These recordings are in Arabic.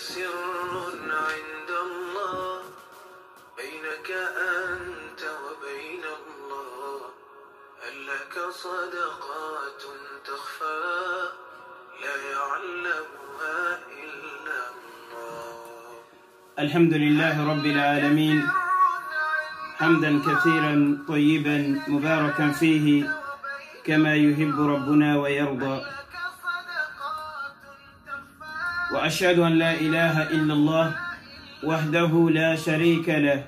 سر عند الله بينك أنت وبين الله هل لك صدقات تخفى لا يعلمها إلا الله الحمد لله رب العالمين حمدا كثيرا طيبا مباركا فيه كما يحب ربنا ويرضى وأشهد أن لا إله إلا الله وحده لا شريك له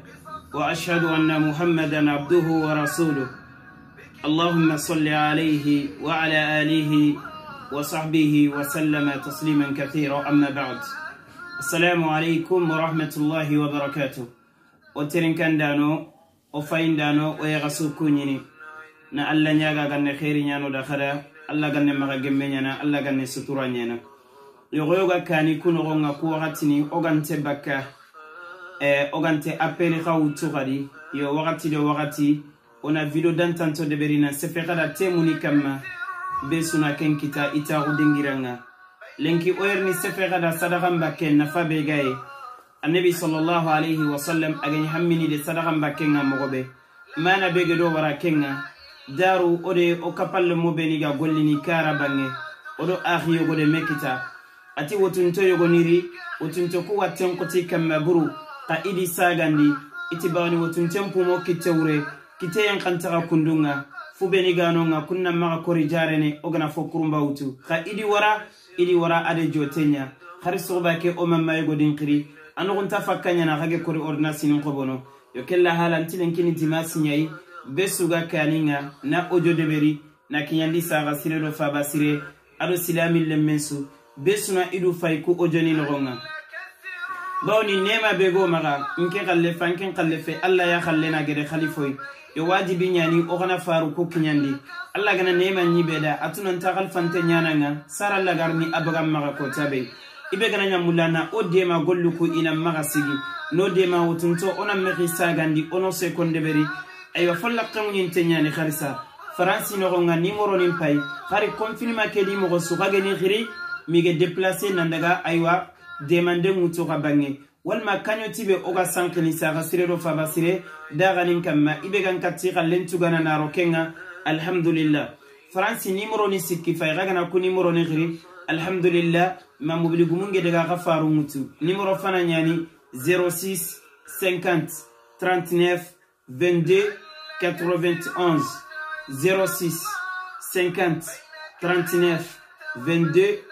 وأشهد أن محمدا عبده ورسوله اللهم صل عليه وعلى آله وصحبه وسلم تسليما كثيرا أما بعد السلام عليكم ورحمة الله وبركاته وترين كان دانو وفاين دانو ويغسو كونيني نا الله نياغا غنى خيري نيانو دخلا الله غنى مغا جمينينا الله غنى ستورا نيانا yogoyo ga kani kunogo nga ku wagatini ogante bakka e, ogante appeli ga wutu gadi yo wagati de wagati ona video dantanto deberina sefe gada temuni kamma be suna ken kita itagu dingiranga lenki oyerni sefe gada sadagan bakke nafa be gaye annabi sallallahu alayhi wa sallam agani hammini de sadagan bakke nga mogobe mana bege do wara kenga daru ode o kapalle mobeni ga gollini kara bange odo ahiyogode mekita ati wotunto yogoniri wotunto ku watten koti kamma buru ka idi sagandi iti bawni wotunten pumo kitte wure kiteyen kantaga kundunga fu beni ganonga kunna maga kori jarene ogana fo kurumba wutu ka idi wara idi wara ade jotenya hari soba ke o mammayogo dinkiri fakkanya na hage kori ordinasinin kobono yo kella hala ntilen kini tima siɲayi be suga kaninga na ojo deberi na kiɲandi saga sire do faba sire ado silami lemmensu be suna idu fay ku o joni nogon ga bawo ni nema be go maga nke kalle fa nke kalle fe alla ya kalle na gere khalifoy yo wajibi nyani o kana faru ko kinyandi alla gana nema nyi be da atuna ta kal fante nyana nga sara alla garni abaga maga ko tabe ibe gana nyamulla na o dema gollu ko ina maga sigi no dema wutunto ona mexi sagandi ono sekonde beri aywa folla kanŋuyinte nyani harisa faransi noxonga nimoronin pay hari confinema kedi moxo sugageni xiri mige ge déplacé nan aywa demandengu to ka bange walma kaɲoti tibe oga ka sankini saga sire do faba sire daganin kanma i be gan kati xallen tugana naro kenga alhamdulillah faransi nimoro ni sikki fa i xa gana ku ni xiri alhamdulillah ma mobili gumun daga xa faru ŋutu nimoro fana ɲani 06 50 39 22 91 06 50 39 22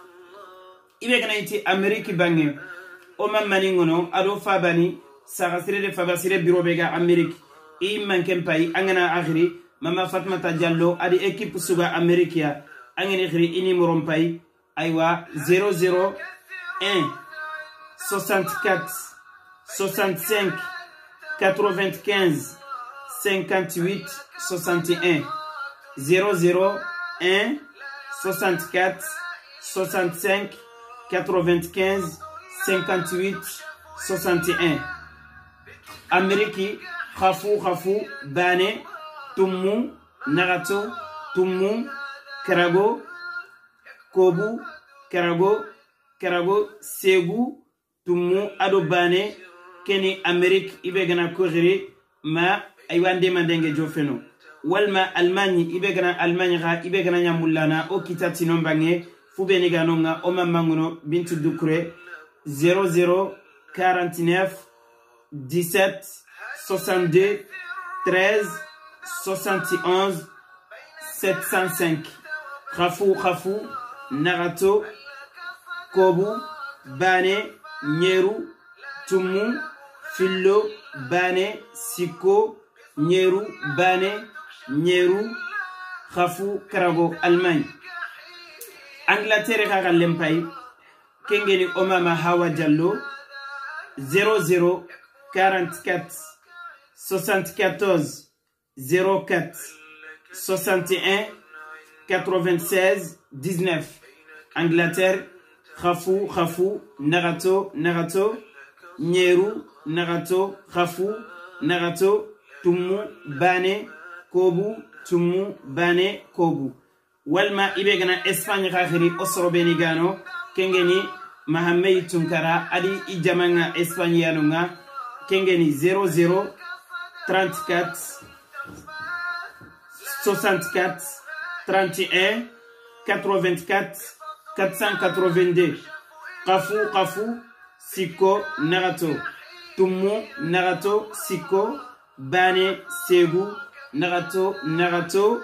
ibe gana iti ameriki bange o man mani ado fabani bani de fabasire bureau biro be ga ameriki i payi akhiri mama fatma jallo adi équipe suga ameriki ya an akhiri payi aywa 001 64 65 95 58 61 001 64 65 95 58 61 amériki hafu hafu bane tummu nagato tummu karago kobu karago karago segu tummu ado bane keni amérique i be gana kohiri ma aywa ndemandenge jo feno walma almagne i be gana almagne xa i be gana ɲamullana wo kita tinon bange fubeni oma manguno bintu 00 49 17 62 13 71 705 Khafou Khafou Narato Kobu Bane Nyeru Tumu Fillo Bane Siko Nyeru Bane Nyeru Khafou Karago Allemagne angleterre xaxa lempay kengeni omama hawa diallo 00 44 74 04 61 96 19 angleterre xafu xafu naxato naxato ñeeru naxato xafu naxato tummu baane koobu tummu baane koobu walma Ibegana espagne Osro Benigano kengeni mahamei tunkara adi i espagne kengeni 00 34 64 31 84 482 kafu kafu siko Narato, tumu Narato, siko bane segu Narato, Narato.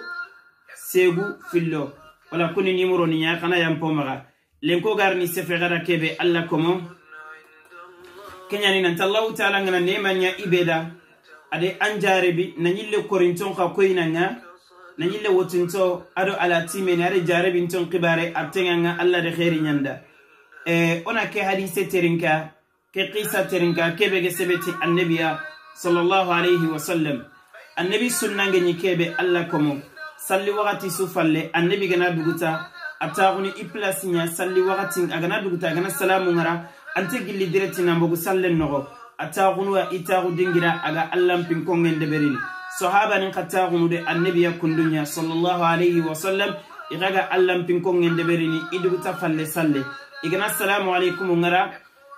seebu fillo wala kuni nimuro ni ñaakana yampomaxa len ko gar ni sefexera kebe allah komo keñani nanta allahu taala ngana nemanña ibeda ada anjarebi nañille korinton xa koyinanga nañille wotinto ado ala timeni ada jarebinton xibare artenganga allah de xeri ñanda e ona ke hadise terinka ke xisa terinka kebe ge sebeti annabiya sallallahu alayhi wa sallam annabi sunnangeñi kebe allah komo salli wakati su falle annabi gana duguta ataguni iplasinya salli wakatin agana duguta agana salamu ngara ante gilli direti nambogu sallen nogo atagunu wa itagu dingira aga allan pinkongen deberini sahabanin katagunu de annabiya kundunya sallallahu alaihi wasallam igaga allan pinkongen deberini iduguta falle salle igana salamu alaikum ngara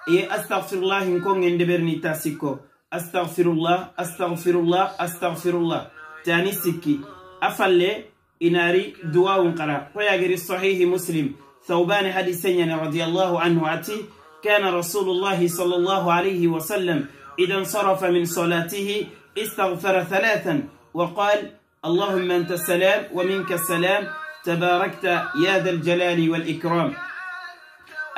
iye astagfirullah hinkongen deberini tasiko astagfirullah astagfirullah astagfirullah tani sikki أفلي إناري دواء قرا ويقري الصحيح مسلم ثوبان حديثين رضي الله عنه أتي كان رسول الله صلى الله عليه وسلم إذا انصرف من صلاته استغفر ثلاثا وقال اللهم أنت السلام ومنك السلام تباركت يا ذا الجلال والإكرام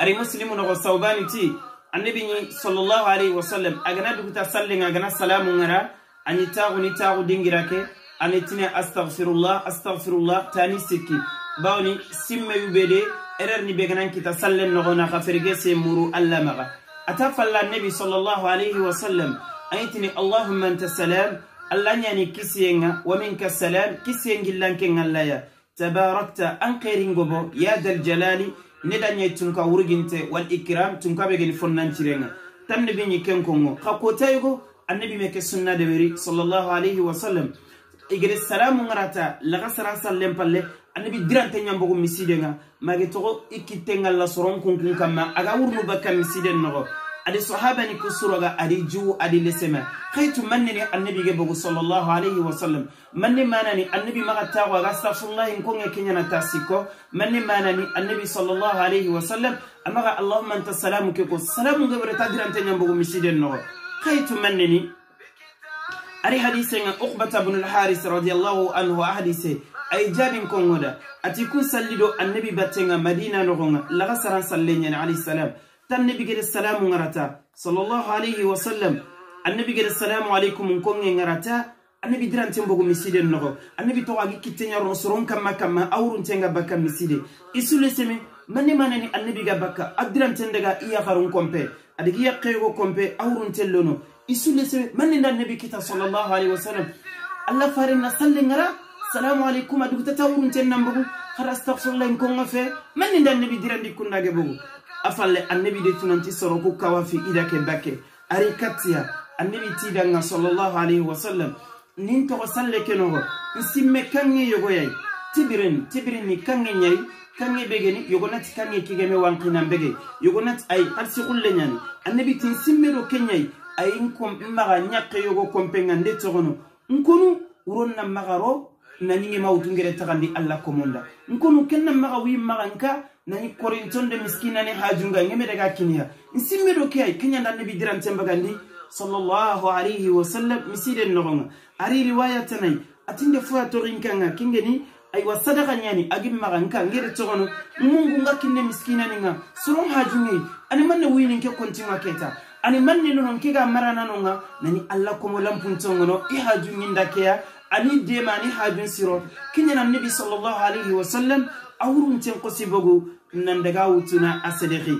أري مسلم وصوبان تي النبي صلى الله عليه وسلم أغنى دكتا سلين أغنى سلام أغنى أن يتاغ نتاغ دنجراكي ani tine astaghfirullah astaghfirullah tani sikki bawni simme yube de erer ni beganan kita sallen nogona ka ferge se muru alla maga ata falla nabi sallallahu alayhi wa sallam ani allahumma anta salam alla nyani kisiyenga wa minka salam kisiyengillanke ngallaya tabarakta an qeringobo ya dal jalali nedanye tunka wurginte wal ikram tunka begeni fonnancirenga tan nabi ni kenkongo ka kotaygo annabi meke sunna de weri sallallahu alayhi wa sallam igere salamu ngarata laga sara sallem palle annabi dirante ñambogo misidenga mage togo ikkittengal la soron kunkun kamma aga wurnu bakka misiden nogo adi sahabani kusuroga adi juu adi lesema haytu mannini annabi ge bogo sallallahu alayhi wa sallam manni manani annabi maga tago aga astaghfirullahi nkonge keñana ta sikko manni manani annabi sallallahu alayhi wa sallam amaga allahumma anta salamu ke ko salamu ngeɓore ta dirante ñambogo misiden nogo haytu mannini ari hadisenga uqbata bnu lharis radiallahu anhu a hadise ay jaabin kongoda ati kun sallido annabi battenga madina nogonga laga saran salle ñani alayhisalam tan nabi gede salamu ngarata sallallahu alayhi wasallam annabi gede salamu aleykum konge ngarata annabi dirante mbogo misiden nogo annabi togo agi kitteñarono soron kamma kamma awruntenga bakka miside isule seme mane manani annabi ga bakka a diranten daga iyaharun kompe adigi yakkeyego kompe awruntellono يسول سمي من إن النبي كتا صلى الله عليه وسلم الله فارنا صلى نرى السلام عليكم أدوك تتاورون تنمبو خر استغفر الله إن كون غفه من إن النبي ديران دي كنا جبو أفعل النبي دي تنانتي سرقو كوافي إذا كبكي أريكاتيا النبي تيدان صلى الله عليه وسلم نين توصل كنوه نسمى كنغي يغوي تبرن تبرن كنغي نيي kange begeni yogonati kange kigeme wankina mbege yogonati ay tarsi kulle nyani annabi tin simmero ayin kom maga nyaqe yogo kompenga nde togono nkonu uronna magaro naninge mawtungere tagandi allah komonda nkonu kenna maga wi maga nka nani korintonde miskinani hajunga ngemedega kiniya nsimmedo ke ay keñandannebi dirantembagandi sallallahu alayhi wasallam misiden nogonga ari riwayatanay atinde foya torinkanga kengeni wa sadaka ñani agin maga nka ngere togono mungu nga kinne miskinaninga soron hajungei ani manne wininke kontinga keta ani manni nonon kiga marana nonga nani alla komo lampuntongono i hajun gindakeya ani dema ani hajun siro kiñanan nebi sallallahu alayhi wa sallam a wurunten kosi bogu nan daga wutuna a sedeki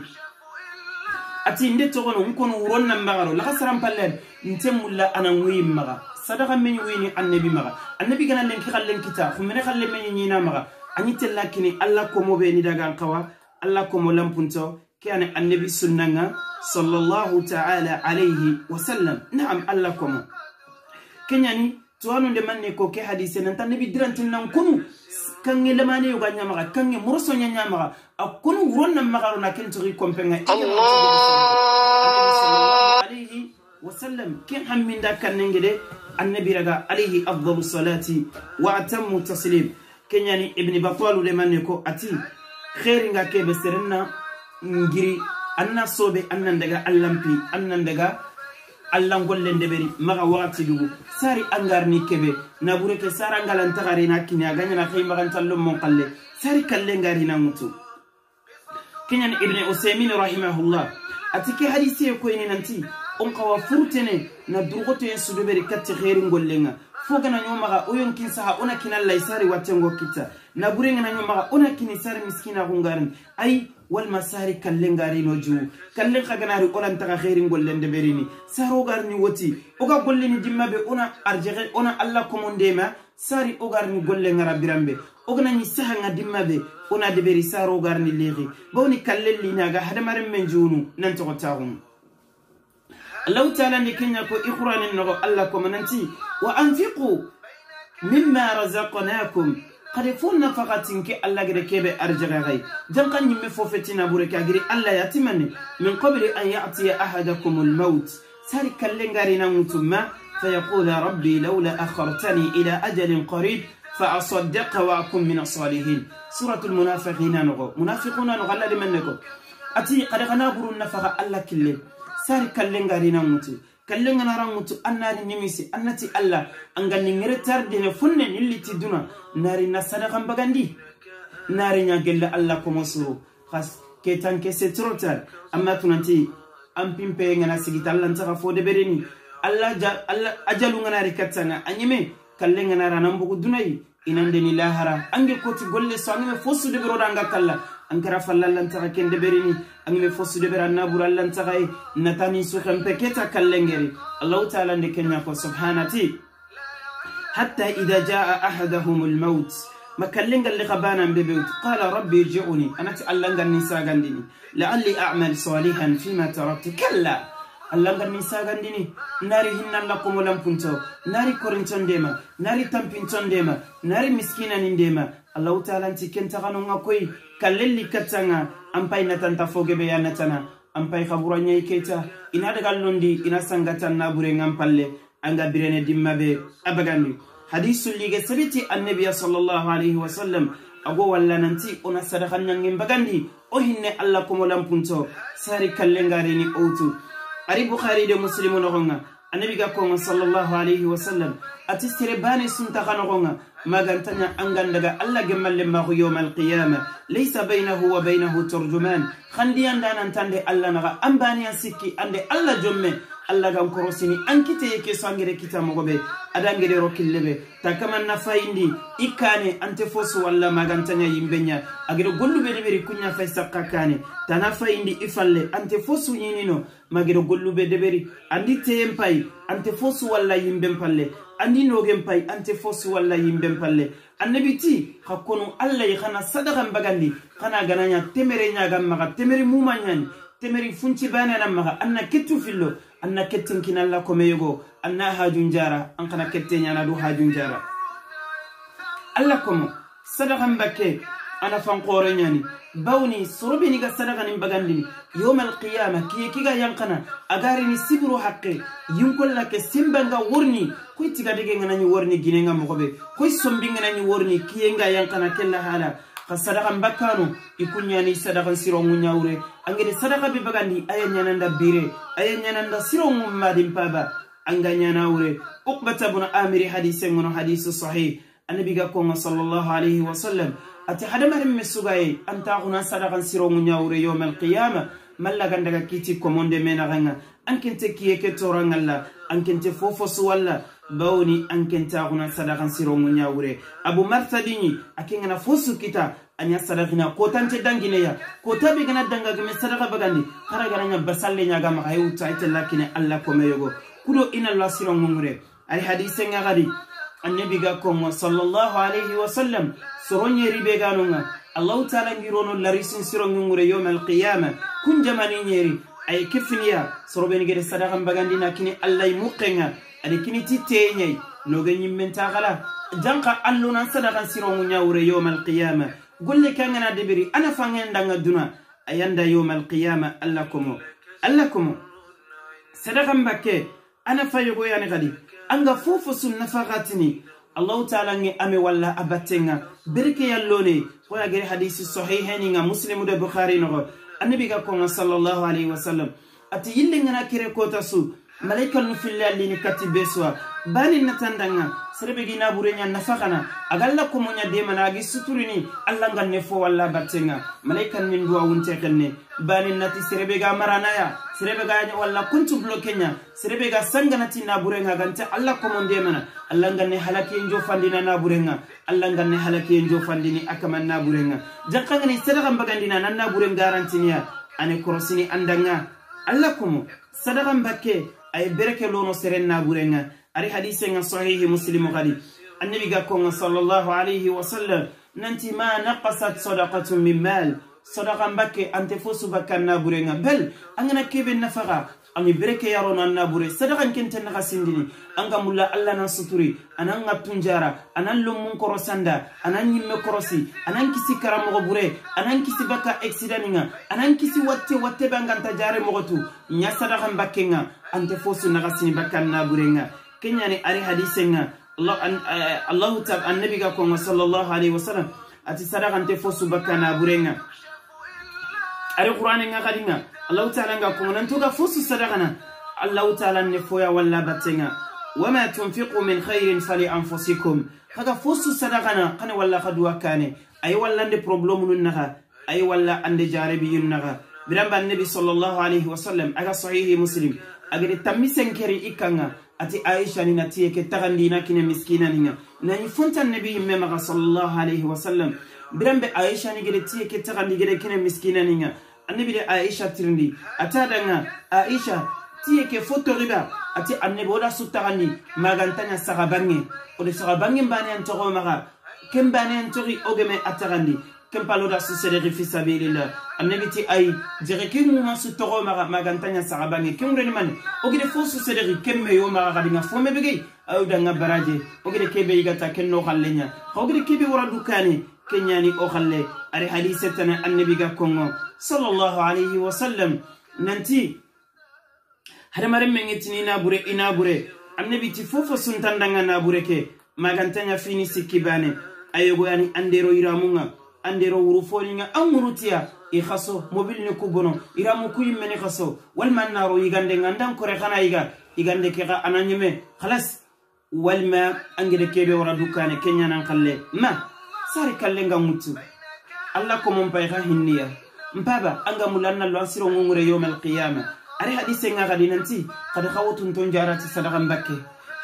ati nde togono n kono wuron nan magaro laga saran pallen nte mulla anan wiyin maga sadaka meñi wini annabi maga annabi gana lenki xallen kita fumene xalle meñi ñina maga añi tella kini alla komo be ni dagan kawa alla komo lampunto كان النبي سننا صلى الله تعالى عليه وسلم نعم الله كما كنياني توانو لمن نكو كي حديث ننت النبي درنت نكونو كان لمن يغا نياما كان مرسو نياما اكون ورن مغارو نكن تري كومبين الله عليه وسلم كان حمين دا كان نغدي النبي رغا عليه افضل الصلاه واتم كان يعني ابن بطال لمن نكو اتي خير نكا كيبسرنا ngiri anna soɓe annan daga allahmpi annan daga allah golle ndeɓeri maga wakatidugu sari angarni keɓe naɓureke sara ngalantagarina kine a gañana xey magantallo mon qalle sari kalle ngarina ŋutu keñan ibne usemin rahimahullah ati ke hadiseye koyni nanti on qawa furtene na durgotoye suduɓeri katti xeeri ngollenga fo gana ñomaga o yon kin saha ona kinallay sari wattengo kitta naɓurengana ñomaga ona kini sari miskinaxungarin ay wal masari walma sari kallen garino juu kallen kaganari olantaga herin de berini saro sarogarni woti o ga golle ni dimma be ona arjehe ona alla ko mon dema sari o ogarni golle ngara birambe o ni saha nga dimma be ona de beri saro deɓeri sarogarni lehi bawni kallen hada hadamaren men junu nan to nantogotagun allahu taala ni kenya ko ikhranin no nogo allah komo nanti wa anfiqu mimma razaqnakum kare fo nafakatin ke allah gere kebe arjagaxay janka ñimme fo fetina bure ke a giri allah yatimane min qabli an yatiya ahadakum almaut sari kallengarina ŋutumma fayaqula rabbi laula akhartani ila ajalin qarib فأصدق وأكون من الصالحين سورة المنافقين نغو منافقون نغو الله لمن نغو أتي قد غنابر النفق الله كله ساري كاللنغاري نموتي kallenga ran mutu annari nimisi annati allah angalli da na funne nilliti duna nari na sadakan bagandi nari nya gelle allah kuma suru khas tan ke c'est trop amma tunanti an pimpe ngana sigita allah ntaka fo bereni allah ja allah ajalu ngana na anyime kallenga naran inan dunai ni lahara an ko koti golle so angeme fo sudebero ranga kalla ankara falla lantaxa kende berini angile fosu debera nabura lantaxaye natani suxenpe keta kallengeri allahu taala nde kenñako subhanati hatta ida jaa ahadahum lmaut ma kallengal le xa banan bebewut qala rabbi irjiuni anati allanganni sagandini laalli amal salihan fima taraktu kalla allanganni sagandini nari hinnalla komolampunto nari korintondema nari tampintondema nari miskinanin dema allahu taala nti kentaxanonga koy kallelli kattanga ampai natanta fogebeya natana ampai haburanyai keta ina daga londi ina sangatan naburengan palle anga birene dimmabe abagani hadithu lige sabiti annabiya sallallahu alaihi wasallam ago walla nanti ona sadakanyangen bagandi o hinne alla allah komolanpunto sari kallengareni outu ari bukhari de muslimu nogonga annabi ga konga sallallahu alaihi wasallam ati sere bane suntaga nogonga magantaña angan daga allah gemmalle maako yowme alqiyama laysa baynahu wa baynahu tourjuman xandiyandanantande allah naxa anbaniyan sikki ande allah jomme alla gan korosini an kite ke sangere kita mogobe adangere ro killebe takama na faindi ikane ante fosu walla magantanya yimbenya agere gollu be deberi kunya fay sakka kane tana faindi ifalle ante fosu yinino magere gollu be deberi andi tempai ante fosu walla yimben palle andi nogen pay ante fosu walla yimben palle annabi ti ka alla yi kana sadakan bagandi kana gananya temere nyaga maga temere mumanyani temeri funci banana maga anna kettu fillo anna ketten kinalla komeyego anna hajun jara an kana kette du hajun jara allah komo sadakan bakke ana fankore ñani bawni ni ga sadakanin bagandini yomal qiyama ki kiga yankana agarini sibiro hakke yinkolla ke simbanga worni koy tigadege nganañi worni guinenga mogoɓe koy sombi nganañi worni kiyenga yankana kella haala ka sadaka bakkano i kuñani sadaka sironŋu ɲawure angede sadaka be bagandi aya ɲananda bire aya ɲananda sironŋu madinpaba anga ɲanawure ukbata bun amiri hadise ŋono hadise sahi annabiga koŋa sallallahu alayhi wasallam ate hadamarin me sugaye antaxuna sadaka sironŋu ɲawure yoma alkiyama mallagandaga kiti komonde menaxanŋa ankente kiye ke toraŋan la ankente fofo suwan la bawni ankente axuna sadaka sironŋu ɲawure abu martadiɲi akengana fosu kita aña sadakina ko tante danguineya ko tabi gana dangagame sadaka bagandi hara garaña basalle ñagama haye wutta ay tella kine allah kome yogo kudo ina la sirongongure ay hadise nga gadi annabi ga kongo sallllahu alayhi wa sallam soroñeri be ganonga allahu taala ngirono larisin sirongongure yowme alqiyama kun jamani ñeri ay kefiniya soroɓeni gede sadaka bagandi na kine allah y muqenga aɗa kini ti teyeñay noge ñimmentaxala janka allunan sadakan sirongu ñawure yowme alqiyama قل لك أنا دبري أنا فانين دعنا دنا أيندا يوم القيامة اللهكم اللهكم سرقم بكى أنا فيقول يعني غادي أنغ فوف سن نفقتني الله تعالى أني أمي ولا أبتنع بركة اللوني هو يقول حديث صحيح هنيع يعني مسلم ده بخاري نقول النبي كان صلى الله عليه وسلم أتيلنا كره كوتاسو ملك النفيل اللي نكتب بسوا baanin natan ŋa serebe gina burenya nafakana agalla ko monya de mana agi suturini alla ganne fo walla battenga malaikan min duwa wunte kanne baanin nati serebe ga maranaya serebe ga walla kuntu blokenya serebe gaa sanganati na burenga gante alla ko mon de mana alla ganne halaki enjo fandina na naabure alla ganne nga enjo fandini akaman na naabure jakkangani sadakan bagandina nan na buren garantiniya ane korosini andanga alla komo sadakan bakke ay bereke lono seren na burenga ari hadise nga sahihi muslimu gadi annabi ga ko nga sallallahu alayhi wa sallam nanti ma naqasat sadaqatun min mal sadaqa mbake ante fosu bakka nabure nga bel angana kebe nafaga ani bereke yaro na nabure sadakan kente naga sindini anga mulla alla nan suturi anan ga tunjara anan lumun korosanda anan yimme korosi anan kisi karamogo bure anan kisi bakka accident nga anan kisi watte watte banganta jare mogotu nya sadakan bakke nga ante fosu naga sini bakka nabure nga kenyani ari hadisenga allahu tab annabiga konga sallallahu alaihi wasallam ati sadakante fo subakana burenga ari qur'an nga kadinga allahu taala nga konga nantoga fosu sadaka na allahu taala ne foya walla batenga wama tunfiqu min khairin fali anfusikum kaga fo su sadakana kana walla kaduwa kane ay wallande problème nun naga ay walla ande jarebi yun naga biramba annabi sallallahu alaihi wasallam aga sahihi muslim agede tammisen keri i kanga ati aisha nina tiye ke tagandina kine miskinaninga nayi fontan nebi yimme maga sallallahu alayhi wasallam biranbe aisha ni gede tiye ke tagandi gede kine miskinaninga annabi de aisha tirindi atadanga aisha tiye ke fotoriba ati annabi oda suttagandi magantanya sagabange ode sagabange mbaneyan togo maga ken baneyan tori ogeme atagandi كم بالو داس سيري في سبيل الله ام تي اي ديري كي مو مانسو تورو ما ما غانتانيا ساراباني كم رين من اوغي فوس سيري كم يو ما غادي مي بيغي او دا غبراجي اوغي كيبي يغاتا كنو خالينيا كي بي ورا دوكاني كنياني او خالي اري حديثتنا النبي غا صلى الله عليه وسلم ننتي هذا مرم من اتنينا بوري انا بوري النبي تي فوفو سنتان دانا بوري كي ما غانتانيا فيني سكيباني ايغو يعني انديرو يرامونغا andero wuro foniga an wurutiya i haso mobile ni kubono ira mu kuyimmene haso walma annaro yigande andan kore hana yiga yigande kexa ana ñeme halas walma angede keɓe wara dukkane keñanan kalle ma sari kalle nga muttu allah komon pay ha hinniya mpaba anga mulannallo an siro ngungure yowmal qiyama ari haɗisenga kadi nanti kadi hawotun ton jarati sadaha mbakke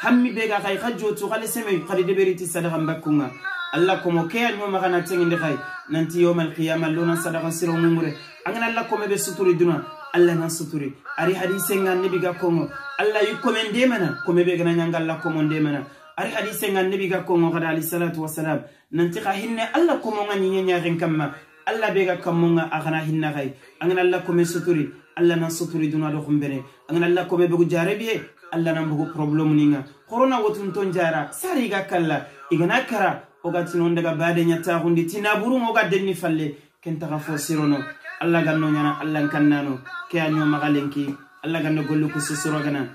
hammi ɓega kay ha jotu hale semey kadi deɓeriti sadaha mbakkunga Allah komo ke ani ma kana tenginde khay nanti yawmal qiyamah luna sadaqa siro mumure angana alla komo be suturi duna alla na suturi ari hadise ngan nabi ga kongo alla yu komo ndemana komo be gana nyanga alla komo ndemana ari hadise ngan nabi ga kongo kada ali salatu wassalam nanti ka hinne alla komo ngani nyenya ren kamma alla be ga agana hinna khay angana alla komo suturi alla na suturi duna do khumbere angana alla komo be jarabiye alla nan bugu problem ninga corona wotun ton sari ga kalla igana kara ogatin on daga baade ñattahundi tinaburum oga denni falle ken taxa fo sirono allah ganno ñana allah n kannano ke a ñomaxalenki allah ganno gollu ku susurogana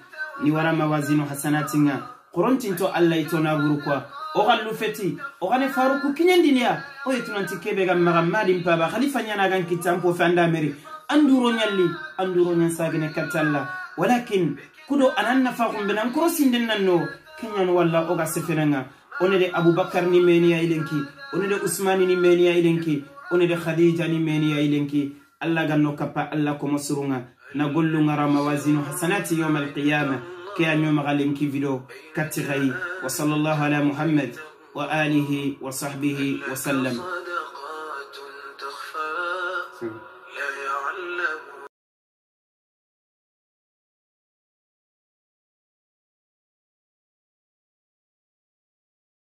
ni wara mawasino hasanatinga xorontinto allah itonaburu kuwa oxan lufeti oxane faruku kiñandiniya wo yetunanti kebe gan maxa madin paba xalifa ñanagan kittanpo fe anda meri anduro ñalli anduro ñan sagine kattalla walakin kudo anan nafa xumbenan koro sinden nan no kenñano walla oga sefenanga onede aboubacar ni meniya ilenki onede usmani ni meniya ilenki onede khadija ni meniya ilenki allah ganno kappa allah komo surunga na gollungara mawasinu hasanati yoma alqiyama ke a ñomaxa lenki video katti xayi wa sallallahu ala muhammad wa alihi wa sahbihi wa sallam Hmm.